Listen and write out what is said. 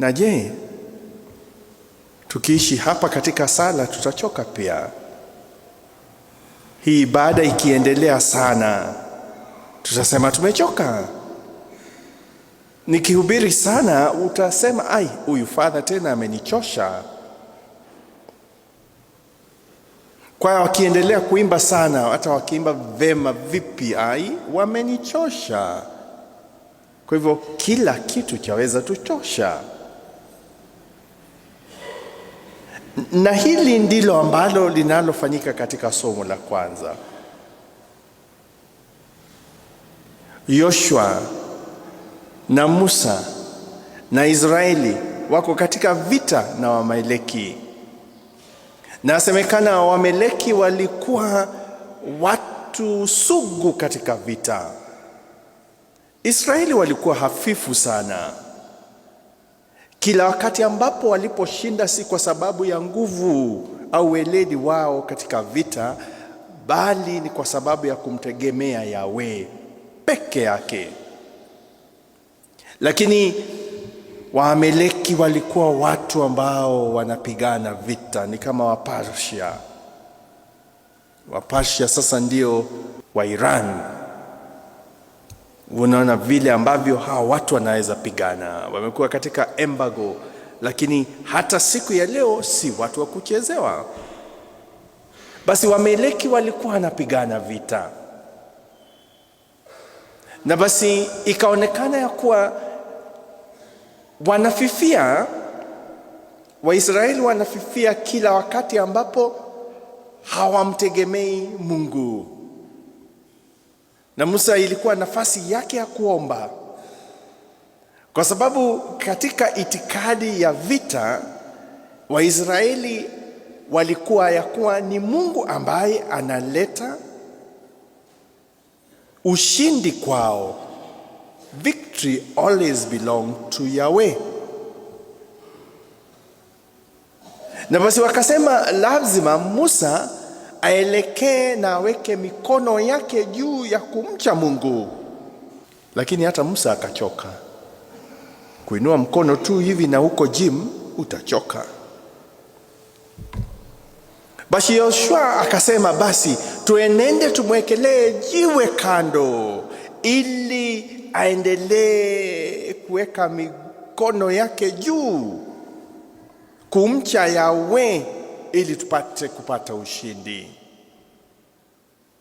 Na je, tukiishi hapa katika sala tutachoka pia. Hii ibada ikiendelea sana, tutasema tumechoka. Nikihubiri sana, utasema ai, huyu fadha tena amenichosha. Kwa wakiendelea kuimba sana, hata wakiimba vema vipi, ai, wamenichosha. Kwa hivyo kila kitu chaweza tuchosha. na hili ndilo ambalo linalofanyika katika somo la kwanza. Yoshua na Musa na Israeli wako katika vita na Wamaleki, na asemekana Wamaleki walikuwa watu sugu katika vita. Israeli walikuwa hafifu sana kila wakati ambapo waliposhinda si kwa sababu ya nguvu au weledi wao katika vita, bali ni kwa sababu ya kumtegemea yawe peke yake. Lakini Waameleki walikuwa watu ambao wanapigana vita, ni kama Waparsia. Waparsia sasa ndio wa Iran unaona vile ambavyo hawa watu wanaweza pigana, wamekuwa katika embargo, lakini hata siku ya leo si watu wa kuchezewa. Basi Wameleki walikuwa wanapigana vita, na basi ikaonekana ya kuwa wanafifia, Waisraeli wanafifia kila wakati ambapo hawamtegemei Mungu na Musa ilikuwa nafasi yake ya kuomba, kwa sababu katika itikadi ya vita Waisraeli walikuwa ya kuwa ni Mungu ambaye analeta ushindi kwao. Victory always belong to Yahweh. Na basi wakasema lazima Musa aelekee na aweke mikono yake juu ya kumcha Mungu. Lakini hata Musa akachoka. Kuinua mkono tu hivi na huko jim utachoka. Basi Yoshua akasema, basi tuenende tumwekelee jiwe kando, ili aendelee kuweka mikono yake juu kumcha Yawe ili tupate kupata ushindi.